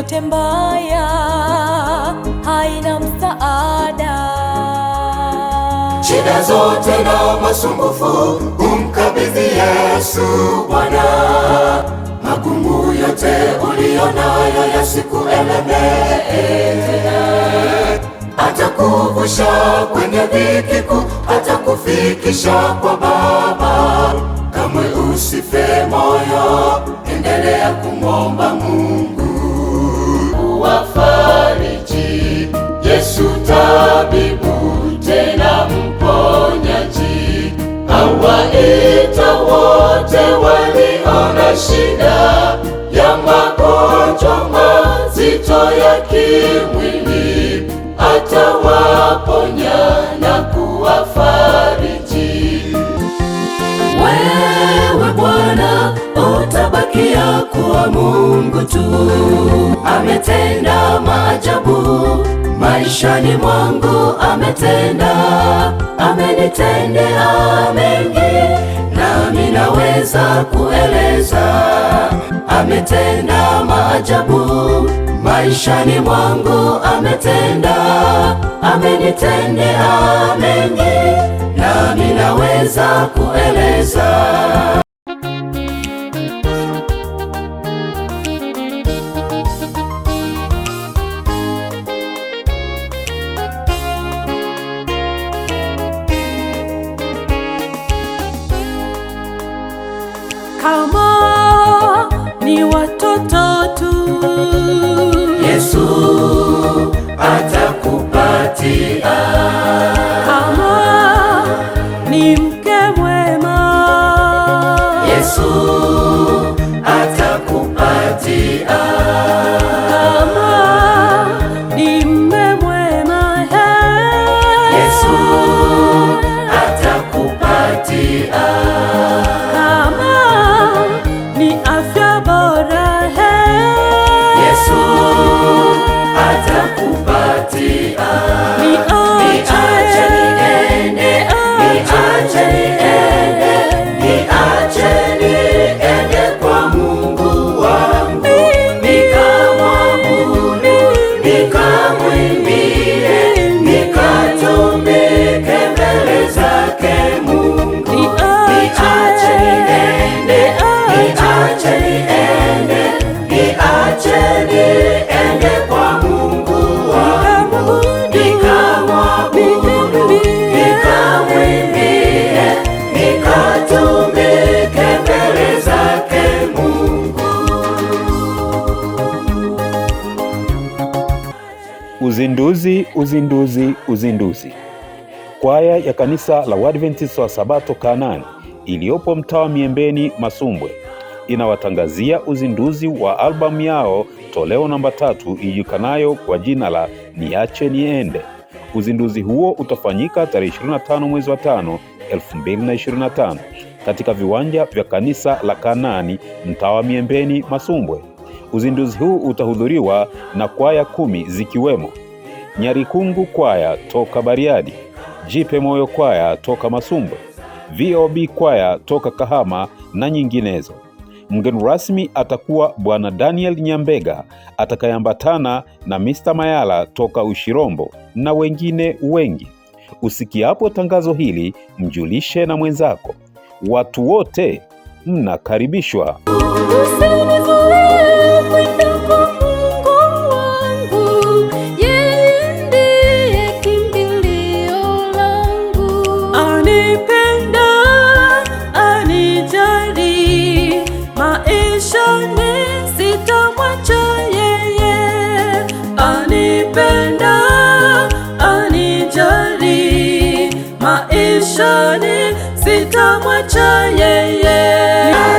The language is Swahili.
yoyote mbaya haina msaada. Shida zote na masumbufu umkabidhi Yesu Bwana, magumu yote uliyonayo yasikuelemee tena. Atakuvusha kwenye dhiki kuu, atakufikisha kwa Baba. Kamwe usife moyo, endelea kumwomba Aliwaita wote waliona shida ya magonjwa mazito ya kimwili, atawaponya na kuwafariji. Wewe Bwana utabakia kuwa Mungu tu, ametenda maajabu maishani mwangu, ametenda amenitendea, ame anaweza kueleza, ametenda maajabu maishani mwangu, ametenda amenitendea mengi, nami naweza kueleza kama ni watoto tu. Yesu atakupatia kama ni mke mwema. Yesu Uzinduzi, uzinduzi, uzinduzi. Kwaya ya kanisa la Waadventista wa Sabato Kanaani iliyopo mtaa wa Miembeni Masumbwe inawatangazia uzinduzi wa albamu yao toleo namba tatu ijulikanayo kwa jina la Niache Niende. Uzinduzi huo utafanyika tarehe 25 mwezi wa 5 2025 katika viwanja vya kanisa la Kanaani mtaa wa Miembeni Masumbwe. Uzinduzi huu utahudhuriwa na kwaya kumi zikiwemo Nyarikungu Kwaya toka Bariadi, Jipe Moyo Kwaya toka Masumbwe, VOB Kwaya toka Kahama na nyinginezo. Mgeni rasmi atakuwa Bwana Daniel Nyambega atakayeambatana na Mr. Mayala toka Ushirombo na wengine wengi. Usikiapo tangazo hili, mjulishe na mwenzako. Watu wote mnakaribishwa. maishani, sitamwacha yeye. Anipenda, anijali maishani, sitamwacha yeye.